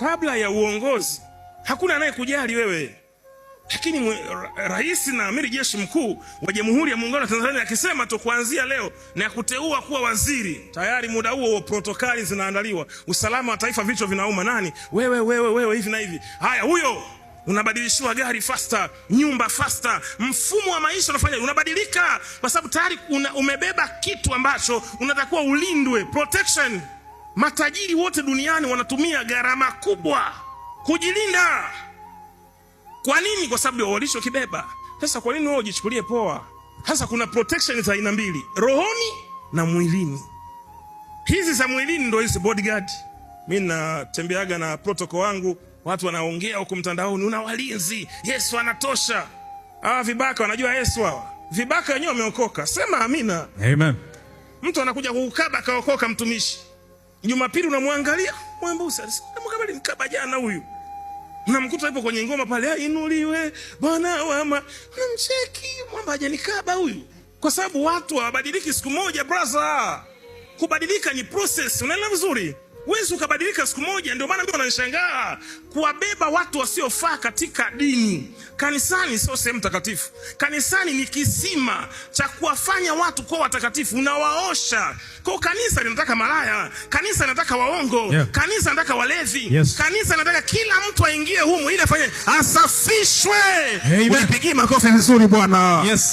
kabla ya uongozi hakuna anayekujali wewe, lakini rais na amiri jeshi mkuu wa Jamhuri ya Muungano wa Tanzania akisema tu kuanzia leo na kuteua kuwa waziri, tayari muda huo protokali zinaandaliwa, usalama wa taifa, vichwa vinauma. Nani wewe, wewe, wewe, hivi na hivi, haya huyo unabadilishiwa gari fasta, nyumba fasta, mfumo wa maisha unafanya unabadilika, kwa sababu tayari umebeba kitu ambacho unatakiwa ulindwe, protection Matajiri wote duniani wanatumia gharama kubwa kujilinda. Kwa nini? Kwa sababu walichokibeba. Sasa kwa nini wewe ujichukulie poa? Sasa kuna protection za aina mbili, rohoni na mwilini. Hizi za mwilini ndo hizi bodyguard. Mimi natembeaga na protoko wangu, watu wanaongea huko mtandaoni, una walinzi, Yesu anatosha. Ah, vibaka wanajua Yesu hawa. Vibaka wenyewe wameokoka. Sema amina. Amen. Mtu anakuja kukukaba kaokoka mtumishi. Jumapili unamwangalia Mwambusa, kama mkaba jana huyu. namkuta yupo kwenye ngoma pale, ainuliwe Bwana wama. namcheki mwamba hajanikaba huyu. Kwa sababu watu hawabadiliki siku moja brother. Kubadilika ni process, unaelewa vizuri? Huwezi ukabadilika siku moja. Ndio maana mimi wananishangaa kuwabeba watu wasiofaa katika dini. Kanisani sio sehemu takatifu. Kanisani ni kisima cha kuwafanya watu kuwa watakatifu, unawaosha. Kwa kanisa linataka malaya, kanisa linataka waongo, yeah. Kanisa linataka walevi, yes. Kanisa linataka kila mtu aingie humo ili afanye asafishwe. Unipigie makofi vizuri Bwana. Yes.